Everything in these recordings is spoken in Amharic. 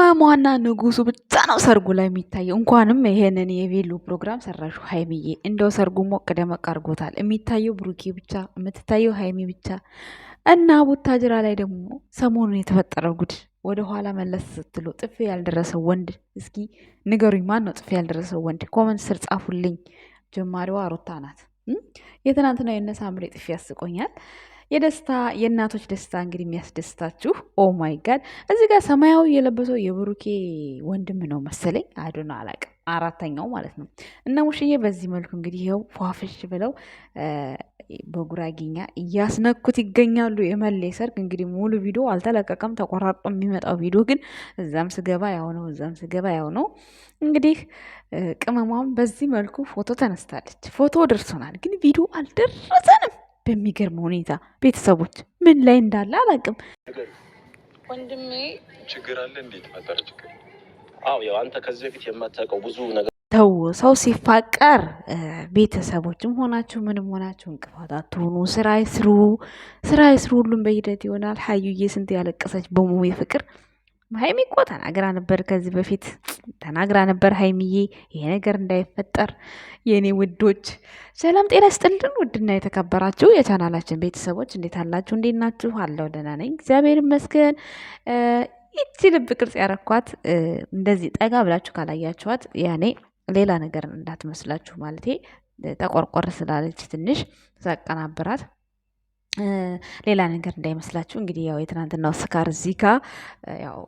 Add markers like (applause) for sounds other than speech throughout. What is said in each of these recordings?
ቅመሟና ንጉሱ ብቻ ነው ሰርጉ ላይ የሚታየው። እንኳንም ይሄንን የቬሎ ፕሮግራም ሰራሹ ሀይሚዬ፣ እንደው ሰርጉ ሞቅ ደመቅ አድርጎታል። የሚታየው ብሩኬ ብቻ፣ የምትታየው ሀይሚ ብቻ እና ቡታጅራ ላይ ደግሞ ሰሞኑን የተፈጠረው ጉድ ወደ ኋላ መለስ ስትሉ ጥፍ ያልደረሰው ወንድ እስኪ ንገሩኝ፣ ማን ነው ጥፌ ያልደረሰው ወንድ? ኮመንት ስር ጻፉልኝ። ጀማሪዋ ሩታ ናት። የትናንትናው የነ ሳምሪ ያስቆኛል። የደስታ የእናቶች ደስታ እንግዲህ የሚያስደስታችሁ ኦ ማይ ጋድ እዚ ጋር ሰማያዊ የለበሰው የብሩኬ ወንድም ነው መሰለኝ አዱን አላቅም አራተኛው ማለት ነው እና ሙሽዬ በዚህ መልኩ እንግዲህ ይኸው ፏፍሽ ብለው በጉራጌኛ እያስነኩት ይገኛሉ። የመሌ ሰርግ እንግዲህ ሙሉ ቪዲዮ አልተለቀቀም፣ ተቆራርጦ የሚመጣው ቪዲዮ ግን እዛም ስገባ ያው ነው፣ እዛም ስገባ ያው ነው። እንግዲህ ቅመሟም በዚህ መልኩ ፎቶ ተነስታለች። ፎቶ ደርሶናል፣ ግን ቪዲዮ አልደረሰንም። በሚገርም ሁኔታ ቤተሰቦች ምን ላይ እንዳለ አላውቅም። ወንድሜ ችግር አለ እንዴት መጠር ችግር ያው አንተ ከዚህ በፊት የማታውቀው ብዙ ነገር ተው። ሰው ሲፋቀር ቤተሰቦችም ሆናችሁ ምንም ሆናችሁ እንቅፋት አትሆኑ። ስራ ይስሩ፣ ስራ ይስሩ። ሁሉም በሂደት ይሆናል። ሀዩዬ ስንት ያለቀሰች በሙ ፍቅር ሀይሚ እኮ ተናግራ ነበር፣ ከዚህ በፊት ተናግራ ነበር ሀይሚዬ። ይሄ ነገር እንዳይፈጠር የእኔ ውዶች፣ ሰላም ጤና ስጥልን። ውድና የተከበራችሁ የቻናላችን ቤተሰቦች እንዴት አላችሁ? እንዴት ናችሁ? አለው ደህና ነኝ እግዚአብሔር ይመስገን። ይቺ ልብ ቅርጽ ያረኳት እንደዚህ ጠጋ ብላችሁ ካላያችኋት ያኔ ሌላ ነገር እንዳትመስላችሁ ማለቴ ጠቆርቆር ስላለች ትንሽ ሳቀናብራት ሌላ ነገር እንዳይመስላችሁ። እንግዲህ ያው የትናንትናው ስካር እዚህ ጋ ያው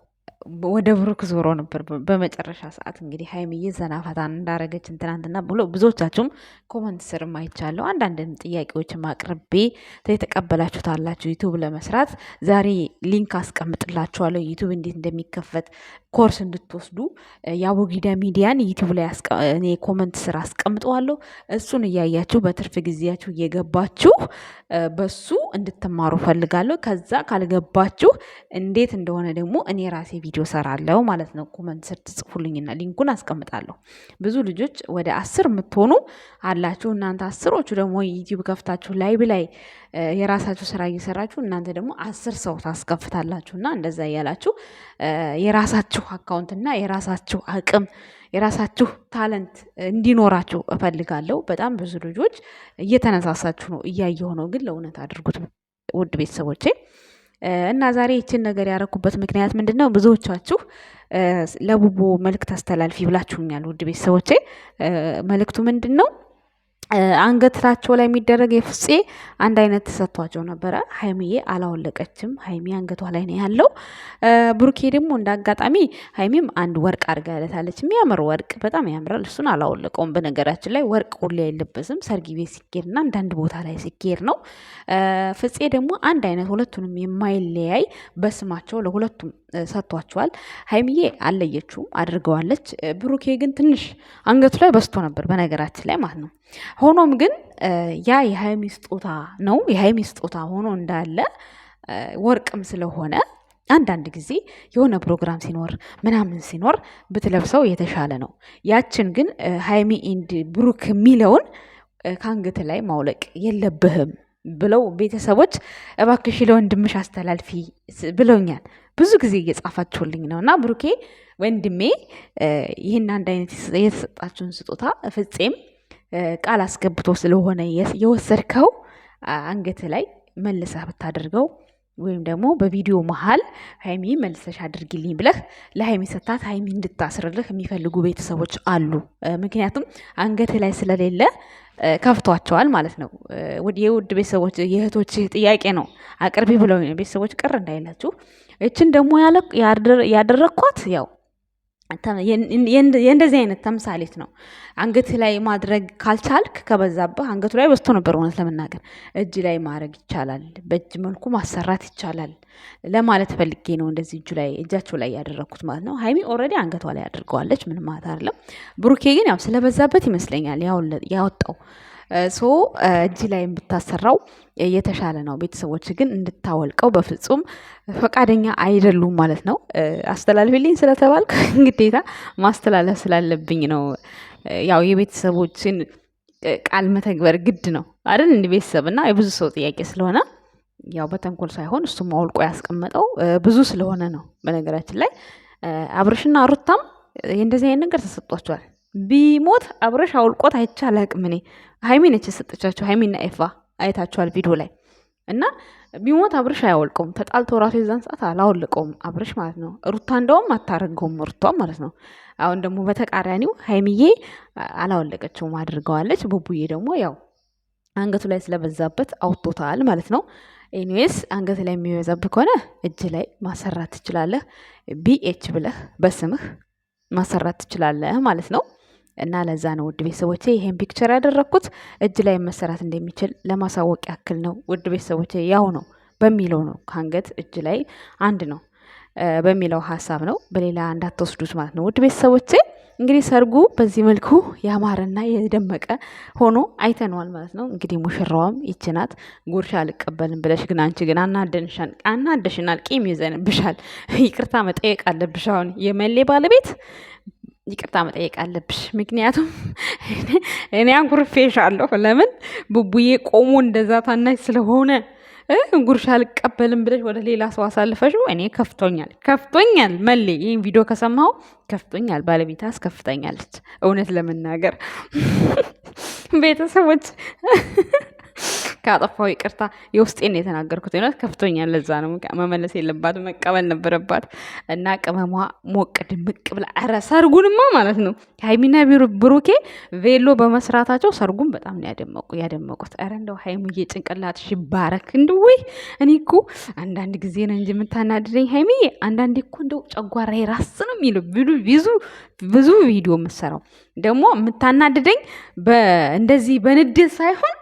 ወደ ብሩክ ዞሮ ነበር። በመጨረሻ ሰዓት እንግዲህ ሀይሚዬ ዘናፈታን እንዳረገችን ትናንትና ብሎ ብዙዎቻችሁም ኮመንት ስር አይቻለሁ። አንዳንድም ጥያቄዎች አቅርቤ የተቀበላችሁት አላችሁ። ዩቱብ ለመስራት ዛሬ ሊንክ አስቀምጥላችኋለሁ። ዩቱብ እንዴት እንደሚከፈት ኮርስ እንድትወስዱ የአቦጊዳ ሚዲያን ዩቲዩብ ላይ እኔ ኮመንት ስር አስቀምጠዋለሁ። እሱን እያያችሁ በትርፍ ጊዜያችሁ እየገባችሁ በሱ እንድትማሩ ፈልጋለሁ። ከዛ ካልገባችሁ እንዴት እንደሆነ ደግሞ እኔ ራሴ ቪዲዮ ሰራለው ማለት ነው። ኮመንት ስር ትጽፉልኝና ሊንኩን አስቀምጣለሁ። ብዙ ልጆች ወደ አስር የምትሆኑ አላችሁ። እናንተ አስሮቹ ደግሞ ዩቲዩብ ከፍታችሁ ላይብ ላይ የራሳችሁ ስራ እየሰራችሁ እናንተ ደግሞ አስር ሰው ታስከፍታላችሁ እና እንደዛ እያላችሁ የራሳችሁ አካውንት እና የራሳችሁ አቅም የራሳችሁ ታለንት እንዲኖራችሁ እፈልጋለሁ። በጣም ብዙ ልጆች እየተነሳሳችሁ ነው እያየሁ ነው፣ ግን ለእውነት አድርጉት ውድ ቤተሰቦቼ። እና ዛሬ ይችን ነገር ያረኩበት ምክንያት ምንድን ነው? ብዙዎቻችሁ ለቡቦ መልእክት አስተላልፊ ብላችሁኛል። ውድ ቤተሰቦቼ መልእክቱ ምንድን ነው? አንገትራቸው ላይ የሚደረግ የፍፄ አንድ አይነት ተሰጥቷቸው ነበረ። ሀይሚዬ አላወለቀችም። ሀይሚ አንገቷ ላይ ነው ያለው። ብሩኬ ደግሞ እንደ አጋጣሚ ሀይሚም አንድ ወርቅ አድርጋ ያለታለች። የሚያምር ወርቅ በጣም ያምራል። እሱን አላወለቀውም። በነገራችን ላይ ወርቅ ሁሌ አይለበስም። ሰርግ ቤት ሲኬድና አንዳንድ ቦታ ላይ ሲኬድ ነው። ፍፄ ደግሞ አንድ አይነት ሁለቱንም የማይለያይ በስማቸው ለሁለቱም ሰጥቷቸዋል። ሀይሚዬ አለየችውም አድርገዋለች። ብሩኬ ግን ትንሽ አንገቱ ላይ በስቶ ነበር በነገራችን ላይ ማለት ነው። ሆኖም ግን ያ የሀይሚ ስጦታ ነው። የሀይሚ ስጦታ ሆኖ እንዳለ ወርቅም ስለሆነ አንዳንድ ጊዜ የሆነ ፕሮግራም ሲኖር ምናምን ሲኖር ብትለብሰው የተሻለ ነው። ያችን ግን ሀይሚ ኢንድ ብሩክ የሚለውን ከአንገት ላይ ማውለቅ የለብህም። ብለው ቤተሰቦች እባክሽ ለወንድምሽ አስተላልፊ ብለውኛል። ብዙ ጊዜ እየጻፋችሁልኝ ነው እና ብሩኬ ወንድሜ ይህን አንድ አይነት የተሰጣችሁን ስጦታ ፍፄም ቃል አስገብቶ ስለሆነ የወሰድከው አንገት ላይ መልሰህ ብታደርገው ወይም ደግሞ በቪዲዮ መሀል ሀይሚ መልሰሽ አድርጊልኝ ብለህ ለሀይሚ ሰታት ሀይሚ እንድታስርልህ የሚፈልጉ ቤተሰቦች አሉ። ምክንያቱም አንገት ላይ ስለሌለ ከፍቷቸዋል ማለት ነው። የውድ ቤተሰቦች የእህቶች ጥያቄ ነው አቅርቢ ብለው ቤተሰቦች ቅር እንዳይላችሁ። እችን ደግሞ ያደረግኳት ያው የእንደዚህ አይነት ተምሳሌት ነው። አንገት ላይ ማድረግ ካልቻልክ ከበዛብህ አንገቱ ላይ በዝቶ ነበር። እውነት ለመናገር እጅ ላይ ማድረግ ይቻላል፣ በእጅ መልኩ ማሰራት ይቻላል ለማለት ፈልጌ ነው። እንደዚህ እጁ ላይ እጃቸው ላይ ያደረግኩት ማለት ነው። ሀይሚ ኦልሬዲ አንገቷ ላይ አድርገዋለች፣ ምንም ማለት አይደለም። ብሩኬ ግን ያው ስለበዛበት ይመስለኛል ያወጣው ሶ እጅ ላይ የምታሰራው የተሻለ ነው። ቤተሰቦች ግን እንድታወልቀው በፍጹም ፈቃደኛ አይደሉም ማለት ነው። አስተላልፊልኝ ስለተባልክ (laughs) ግዴታ ማስተላለፍ ስላለብኝ ነው። ያው የቤተሰቦችን ቃል መተግበር ግድ ነው አይደል? እንደ ቤተሰብ እና የብዙ ሰው ጥያቄ ስለሆነ ያው በተንኮል ሳይሆን እሱም አውልቆ ያስቀመጠው ብዙ ስለሆነ ነው። በነገራችን ላይ አብርሽና ሩታም የእንደዚህ አይነት ነገር ተሰጥቷቸዋል። ቢሞት አብረሽ አውልቆት አይቼ አላቅም። እኔ ሀይሚ ነች የሰጠቻቸው። ሀይሚና ኤፋ አይታችኋል ቪዲዮ ላይ እና ቢሞት አብረሽ አያወልቀውም። ተጣልቶ ራሱ የዛን ሰዓት አላወልቀውም አብረሽ ማለት ነው። ሩታ እንደውም አታረገውም ሩቷ ማለት ነው። አሁን ደግሞ በተቃራኒው ሀይሚዬ አላወለቀችውም አድርገዋለች። ቡቡዬ ደግሞ ያው አንገቱ ላይ ስለበዛበት አውጥቶታል ማለት ነው። ኤኒዌይስ አንገት ላይ የሚበዛብህ ከሆነ እጅ ላይ ማሰራት ትችላለህ። ቢኤች ብለህ በስምህ ማሰራት ትችላለህ ማለት ነው። እና ለዛ ነው ውድ ቤተሰቦቼ ይሄን ፒክቸር ያደረግኩት እጅ ላይ መሰራት እንደሚችል ለማሳወቅ ያክል ነው። ውድ ቤተሰቦቼ ያው ነው በሚለው ነው ከአንገት እጅ ላይ አንድ ነው በሚለው ሀሳብ ነው። በሌላ እንዳትወስዱት ማለት ነው ውድ ቤተሰቦቼ። እንግዲህ ሰርጉ በዚህ መልኩ ያማረና የደመቀ ሆኖ አይተነዋል ማለት ነው። እንግዲህ ሙሽራዋም ይችናት ጉርሻ አልቀበልም ብለሽ ግን አንቺ ግን አናደንሻን አናደሽናል፣ ቂም ይዘንብሻል። ይቅርታ መጠየቅ አለብሽ። አሁን የመሌ ባለቤት ይቅርታ መጠየቅ አለብሽ። ምክንያቱም (laughs) እኔ አንጉርፌሻለሁ። ለምን ቡቡዬ ቆሞ እንደዛ ታናሽ ስለሆነ ጉርሻ አልቀበልም ብለሽ ወደ ሌላ ሰው አሳልፈሽው፣ እኔ ከፍቶኛል፣ ከፍቶኛል። መሌ ይህን ቪዲዮ ከሰማው ከፍቶኛል። ባለቤት አስከፍተኛለች። እውነት ለመናገር (laughs) ቤተሰቦች (laughs) ካጠፋው ይቅርታ፣ የውስጤን የተናገርኩት ነት ከፍቶኛል። ለዛ ነው መመለስ የለባት መቀበል ነበረባት። እና ቅመሟ ሞቅ ድምቅ ብላ ኧረ ሰርጉንማ ማለት ነው ሀይሚና ብሩኬ ቬሎ በመስራታቸው ሰርጉን በጣም ነው ያደመቁ ያደመቁት። ኧረ እንደው ሀይሚዬ ጭንቅላትሽ ሽባረክ እንድወይ እኔ እኮ አንዳንድ ጊዜ ነው እንጂ የምታናድደኝ ሀይሚዬ፣ አንዳንዴ እኮ እንደው ጨጓራ ራስ ነው የሚለው ብዙ ብዙ ቪዲዮ የምሰራው ደግሞ የምታናድደኝ እንደዚህ በንድን ሳይሆን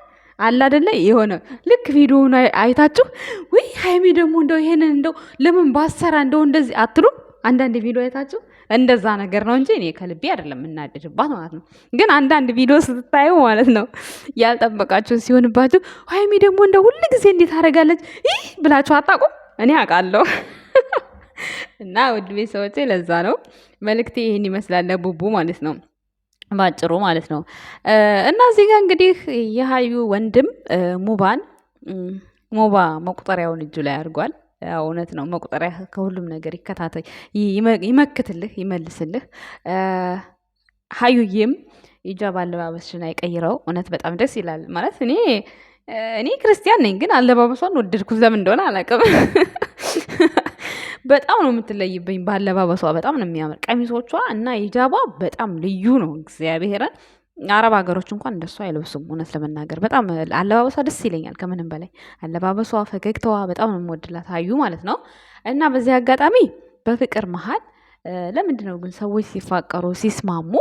አለ አደለ? የሆነ ልክ ቪዲዮውን አይታችሁ ወይ ሀይሚ ደግሞ እንደው ይሄንን እንደው ለምን ባሰራ እንደው እንደዚህ አትሉ አንዳንድ ቪዲዮ አይታችሁ እንደዛ ነገር ነው እንጂ እኔ ከልቤ አይደለም የምናደድባት ማለት ነው። ግን አንዳንድ ቪዲዮ ስትታዩ ማለት ነው ያልጠበቃችሁ ሲሆንባችሁ ሀይሚ ደግሞ እንደ ሁል ጊዜ እንዴት አደርጋለች ይህ ብላችሁ አጣቁም እኔ አውቃለሁ። (laughs) እና ውድ ቤት ለዛ ነው መልእክቴ ይህን ይመስላል ቡቡ ማለት ነው። ባጭሩ ማለት ነው። እና እዚህ ጋር እንግዲህ የሀዩ ወንድም ሙባን ሙባ መቁጠሪያውን እጁ ላይ አድርጓል። እውነት ነው። መቁጠሪያ ከሁሉም ነገር ይከታተል፣ ይመክትልህ፣ ይመልስልህ። ሀዩዬም ሂጃብ አለባበስሽን አይቀይረው። እውነት በጣም ደስ ይላል። ማለት እኔ እኔ ክርስቲያን ነኝ፣ ግን አለባበሷን ወደድኩ ለምን እንደሆነ አላውቅም። (laughs) በጣም ነው የምትለይብኝ። ባለባበሷ በጣም ነው የሚያምር ቀሚሶቿ እና ሂጃቧ በጣም ልዩ ነው። እግዚአብሔርን አረብ ሀገሮች እንኳን እንደሷ አይለብሱም። እውነት ለመናገር በጣም አለባበሷ ደስ ይለኛል። ከምንም በላይ አለባበሷ፣ ፈገግታዋ በጣም ነው የምወድላት አዩ ማለት ነው። እና በዚህ አጋጣሚ በፍቅር መሀል ለምንድን ነው ግን ሰዎች ሲፋቀሩ ሲስማሙ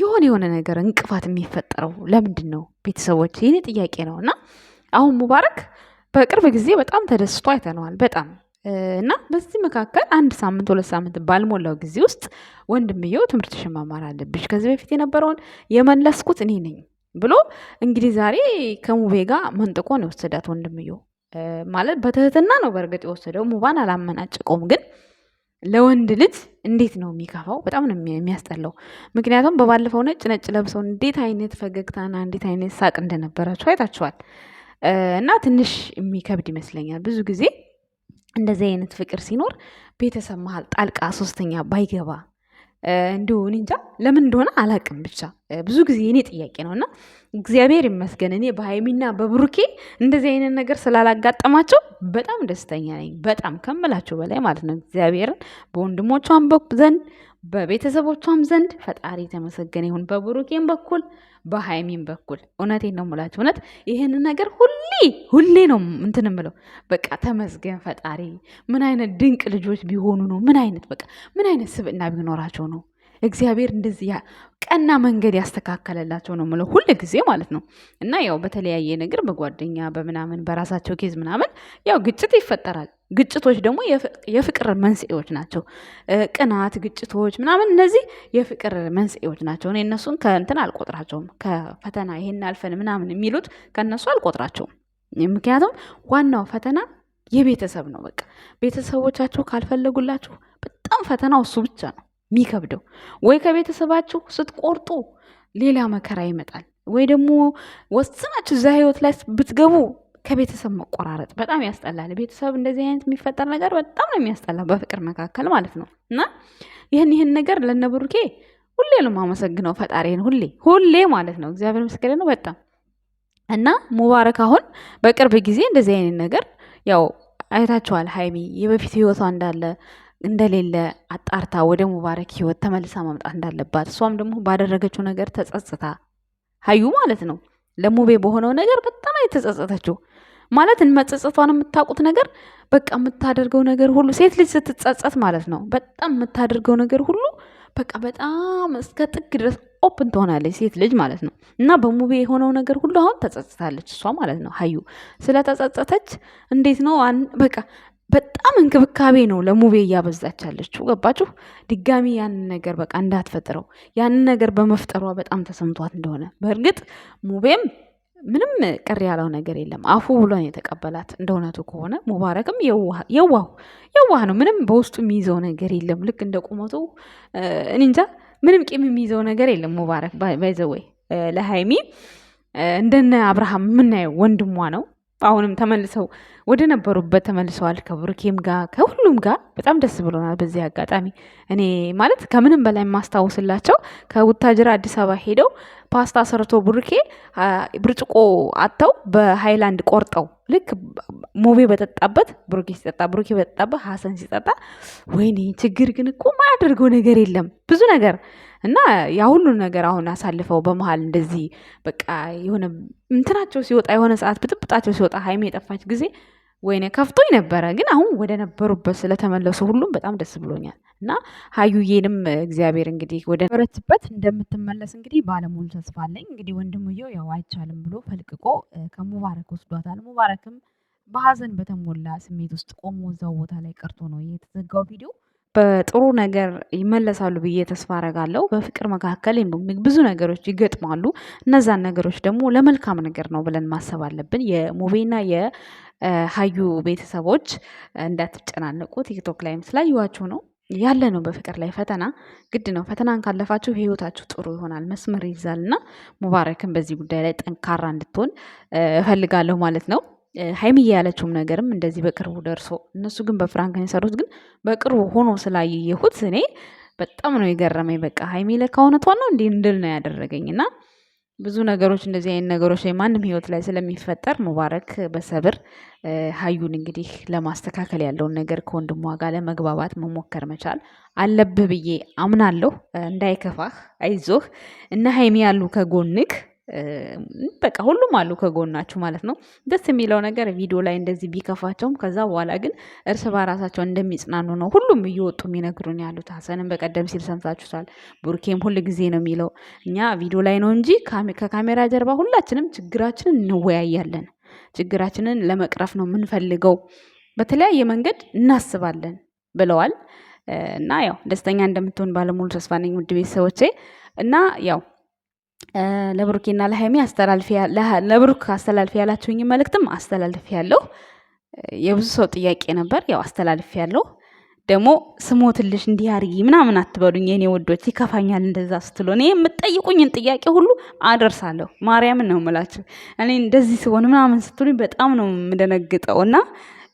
የሆነ የሆነ ነገር እንቅፋት የሚፈጠረው ለምንድን ነው? ቤተሰቦች ይህን ጥያቄ ነው እና አሁን ሙባረክ በቅርብ ጊዜ በጣም ተደስቶ አይተነዋል። በጣም እና በዚህ መካከል አንድ ሳምንት ሁለት ሳምንት ባልሞላው ጊዜ ውስጥ ወንድምየው ትምህርትሽን መማር አለብሽ፣ ከዚህ በፊት የነበረውን የመለስኩት እኔ ነኝ ብሎ እንግዲህ ዛሬ ከሙቤ ጋር መንጥቆ ነው የወሰዳት ወንድምየው። ማለት በትህትና ነው በእርግጥ የወሰደው። ሙባን አላመናጭቀውም። ግን ለወንድ ልጅ እንዴት ነው የሚከፋው? በጣም ነው የሚያስጠላው። ምክንያቱም በባለፈው ነጭ ነጭ ለብሰው እንዴት አይነት ፈገግታና እንዴት አይነት ሳቅ እንደነበራቸው አይታችኋል። እና ትንሽ የሚከብድ ይመስለኛል ብዙ ጊዜ እንደዚህ አይነት ፍቅር ሲኖር ቤተሰብ መሀል ጣልቃ ሶስተኛ ባይገባ እንዲሁ እንጃ ለምን እንደሆነ አላቅም። ብቻ ብዙ ጊዜ እኔ ጥያቄ ነው እና እግዚአብሔር ይመስገን እኔ በሀይሚና በብሩኬ እንደዚህ አይነት ነገር ስላላጋጠማቸው በጣም ደስተኛ ነኝ። በጣም ከምላቸው በላይ ማለት ነው። እግዚአብሔርን በወንድሞቿን በኩል ዘንድ በቤተሰቦቿም ዘንድ ፈጣሪ የተመሰገነ ይሁን፣ በብሩኬም በኩል በሀይሚም በኩል እውነቴን ነው የምላችሁ። እውነት ይህንን ነገር ሁሌ ሁሌ ነው እንትን የምለው በቃ ተመስገን ፈጣሪ። ምን አይነት ድንቅ ልጆች ቢሆኑ ነው? ምን አይነት በቃ ምን አይነት ስብዕና ቢኖራቸው ነው? እግዚአብሔር እንደዚህ ቀና መንገድ ያስተካከለላቸው ነው ምለው ሁል ጊዜ ማለት ነው። እና ያው በተለያየ ነገር በጓደኛ በምናምን በራሳቸው ኬዝ ምናምን ያው ግጭት ይፈጠራል። ግጭቶች ደግሞ የፍቅር መንስኤዎች ናቸው። ቅናት፣ ግጭቶች ምናምን እነዚህ የፍቅር መንስኤዎች ናቸው። እኔ እነሱን ከእንትን አልቆጥራቸውም። ከፈተና ይሄን አልፈን ምናምን የሚሉት ከእነሱ አልቆጥራቸውም። ምክንያቱም ዋናው ፈተና የቤተሰብ ነው። በቃ ቤተሰቦቻችሁ ካልፈለጉላችሁ በጣም ፈተናው እሱ ብቻ ነው። የሚከብደው ወይ ከቤተሰባችሁ ስትቆርጡ ሌላ መከራ ይመጣል፣ ወይ ደግሞ ወስናችሁ እዛ ህይወት ላይ ብትገቡ ከቤተሰብ መቆራረጥ በጣም ያስጠላል። ቤተሰብ እንደዚህ አይነት የሚፈጠር ነገር በጣም ነው የሚያስጠላ፣ በፍቅር መካከል ማለት ነው። እና ይህን ይህን ነገር ለነብሩኬ ሁሌ ነው የማመሰግነው ፈጣሪን፣ ሁሌ ሁሌ ማለት ነው። እግዚአብሔር ምስክር ነው በጣም እና ሙባረክ አሁን በቅርብ ጊዜ እንደዚህ አይነት ነገር ያው አይታችኋል። ሀይሚ የበፊት ህይወቷ እንዳለ እንደሌለ አጣርታ ወደ ሙባረክ ህይወት ተመልሳ መምጣት እንዳለባት እሷም ደግሞ ባደረገችው ነገር ተጸጽታ ሀዩ ማለት ነው ለሙቤ በሆነው ነገር በጣም የተጸጸተችው ማለት መጸጸቷን የምታውቁት ነገር በቃ የምታደርገው ነገር ሁሉ ሴት ልጅ ስትጸጸት ማለት ነው በጣም የምታደርገው ነገር ሁሉ በቃ በጣም እስከ ጥግ ድረስ ኦፕን ትሆናለች ሴት ልጅ ማለት ነው። እና በሙቤ የሆነው ነገር ሁሉ አሁን ተጸጽታለች እሷ ማለት ነው ሀዩ ስለተጸጸተች እንዴት ነው በቃ በጣም እንክብካቤ ነው ለሙቤ እያበዛች ያለችው። ገባችሁ? ድጋሚ ያንን ነገር በቃ እንዳትፈጥረው ያንን ነገር በመፍጠሯ በጣም ተሰምቷት እንደሆነ በእርግጥ ሙቤም ምንም ቅር ያለው ነገር የለም። አፉ ብሎን የተቀበላት እንደ እውነቱ ከሆነ ሙባረክም የዋሁ የዋህ ነው። ምንም በውስጡ የሚይዘው ነገር የለም። ልክ እንደ ቁመቱ እንጃ ምንም ቂም የሚይዘው ነገር የለም። ሙባረክ ባይዘወይ ለሀይሚ እንደነ አብርሃም የምናየው ወንድሟ ነው። አሁንም ተመልሰው ወደ ነበሩበት ተመልሰዋል። ከብሩኬም ጋር ከሁሉም ጋር በጣም ደስ ብሎናል። በዚህ አጋጣሚ እኔ ማለት ከምንም በላይ የማስታውስላቸው ከውታጅራ አዲስ አበባ ሄደው ፓስታ ሰርቶ ብሩኬ ብርጭቆ አጥተው በሃይላንድ ቆርጠው ልክ ሞቤ በጠጣበት ብሩኬ ሲጠጣ ብሩኬ በጠጣበት ሀሰን ሲጠጣ ወይኔ ችግር ግን እኮ ማያደርገው ነገር የለም ብዙ ነገር እና ያ ሁሉ ነገር አሁን አሳልፈው በመሀል እንደዚህ በቃ የሆነ እንትናቸው ሲወጣ የሆነ ሰዓት ብጥብጣቸው ሲወጣ ሀይሜ የጠፋች ጊዜ ወይኔ ከፍቶኝ ነበረ። ግን አሁን ወደ ነበሩበት ስለተመለሱ ሁሉም በጣም ደስ ብሎኛል እና ሀዩዬንም እግዚአብሔር እንግዲህ ወደ ነበረችበት እንደምትመለስ እንግዲህ ባለሙሉ ተስፋ አለኝ። እንግዲህ ወንድምየው ያው አይቻልም ብሎ ፈልቅቆ ከሙባረክ ወስዷታል። ሙባረክም በሀዘን በተሞላ ስሜት ውስጥ ቆሞ እዛው ቦታ ላይ ቀርቶ ነው የተዘጋው ቪዲዮ በጥሩ ነገር ይመለሳሉ ብዬ ተስፋ አረጋለሁ። በፍቅር መካከል ብዙ ነገሮች ይገጥማሉ። እነዛን ነገሮች ደግሞ ለመልካም ነገር ነው ብለን ማሰብ አለብን። የሙቤና የሀዩ ቤተሰቦች እንዳትጨናነቁ ቲክቶክ ላይም ስላየኋችሁ ነው ያለ ነው። በፍቅር ላይ ፈተና ግድ ነው። ፈተናን ካለፋችሁ ህይወታችሁ ጥሩ ይሆናል፣ መስመር ይይዛል እና ሙባረክን በዚህ ጉዳይ ላይ ጠንካራ እንድትሆን እፈልጋለሁ ማለት ነው። ሀይሚዬ ያለችውም ነገርም እንደዚህ በቅርቡ ደርሶ እነሱ ግን በፍራንክ የሰሩት ግን በቅርቡ ሆኖ ስላየሁት እኔ በጣም ነው የገረመኝ። በቃ ሀይሜ ለካ እውነቷን ነው እንዲህ እንድል ነው ያደረገኝ እና ብዙ ነገሮች እንደዚህ አይነት ነገሮች ላይ ማንም ህይወት ላይ ስለሚፈጠር ሙባረክ በሰብር ሀዩን እንግዲህ ለማስተካከል ያለውን ነገር ከወንድሟ ጋር ለመግባባት መሞከር መቻል አለብህ ብዬ አምናለሁ። እንዳይከፋህ፣ አይዞህ እና ሀይሜ ያሉ ከጎንክ በቃ ሁሉም አሉ ከጎናችሁ ማለት ነው። ደስ የሚለው ነገር ቪዲዮ ላይ እንደዚህ ቢከፋቸውም ከዛ በኋላ ግን እርስ በራሳቸው እንደሚጽናኑ ነው ሁሉም እየወጡ የሚነግሩን ያሉት። ሀሰንም በቀደም ሲል ሰምታችሁታል። ቡርኬም ሁል ጊዜ ነው የሚለው እኛ ቪዲዮ ላይ ነው እንጂ ከካሜራ ጀርባ ሁላችንም ችግራችንን እንወያያለን። ችግራችንን ለመቅረፍ ነው የምንፈልገው። በተለያየ መንገድ እናስባለን ብለዋል እና ያው ደስተኛ እንደምትሆን ባለሙሉ ተስፋ ነኝ ውድ ቤተሰቦቼ እና ያው ለብሩኬና ለሃይሜ አስተላልፌ ለብሩክ አስተላልፌ ያላችሁኝ መልእክትም አስተላልፌ ያለው የብዙ ሰው ጥያቄ ነበር። ያው አስተላልፌ ያለው ደግሞ ስሞትልሽ እንዲህ አርጊ ምናምን አትበሉኝ የኔ ወዶች፣ ይከፋኛል እንደዛ ስትሎ እኔ የምጠይቁኝን ጥያቄ ሁሉ አደርሳለሁ። ማርያምን ነው የምላችሁ እኔ እንደዚህ ሲሆን ምናምን ስትሉኝ በጣም ነው የምደነግጠው እና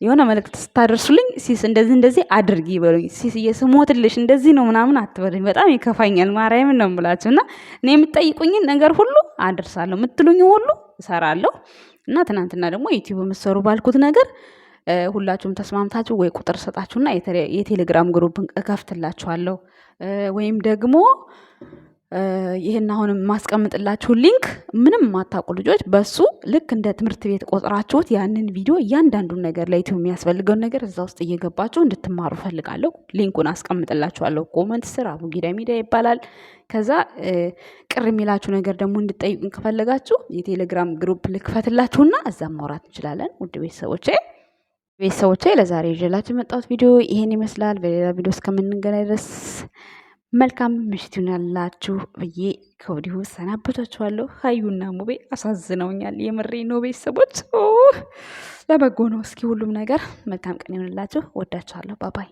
የሆነ መልእክት ስታደርሱልኝ ሲስ እንደዚህ እንደዚህ አድርጊ ይበሉኝ። ሲስ እየስሞትልሽ እንደዚህ ነው ምናምን አትበሉኝ፣ በጣም ይከፋኛል። ማርያምን ነው የምላችሁ እና እኔ የምትጠይቁኝን ነገር ሁሉ አደርሳለሁ፣ የምትሉኝ ሁሉ እሰራለሁ። እና ትናንትና ደግሞ ዩቲዩብ የምትሰሩ ባልኩት ነገር ሁላችሁም ተስማምታችሁ ወይ ቁጥር ሰጣችሁና የቴሌግራም ግሩፕ እከፍትላችኋለሁ ወይም ደግሞ ይህን አሁን የማስቀምጥላችሁ ሊንክ ምንም የማታውቁ ልጆች በሱ ልክ እንደ ትምህርት ቤት ቆጥራችሁት ያንን ቪዲዮ እያንዳንዱን ነገር ለዩቲዩብ የሚያስፈልገውን ነገር እዛ ውስጥ እየገባችሁ እንድትማሩ ፈልጋለሁ። ሊንኩን አስቀምጥላችኋለሁ ኮመንት ስር አቡጊዳ ሚዲያ ይባላል። ከዛ ቅር የሚላችሁ ነገር ደግሞ እንድጠይቁን ከፈለጋችሁ የቴሌግራም ግሩፕ ልክፈትላችሁና እዛም ማውራት እንችላለን። ውድ ቤተሰቦቼ ቤተሰቦቼ ለዛሬ ይዤላችሁ የመጣሁት ቪዲዮ ይሄን ይመስላል። በሌላ ቪዲዮ እስከምንገናኝ ድረስ መልካም ምሽት ይሆናላችሁ ብዬ ከወዲሁ ሰናበታችኋለሁ። ሀዩና ሞቤ አሳዝነውኛል። የምሬ ነው። ቤተሰቦች ለበጎ ነው። እስኪ ሁሉም ነገር መልካም ቀን ይሆንላችሁ። ወዳችኋለሁ። ባባይ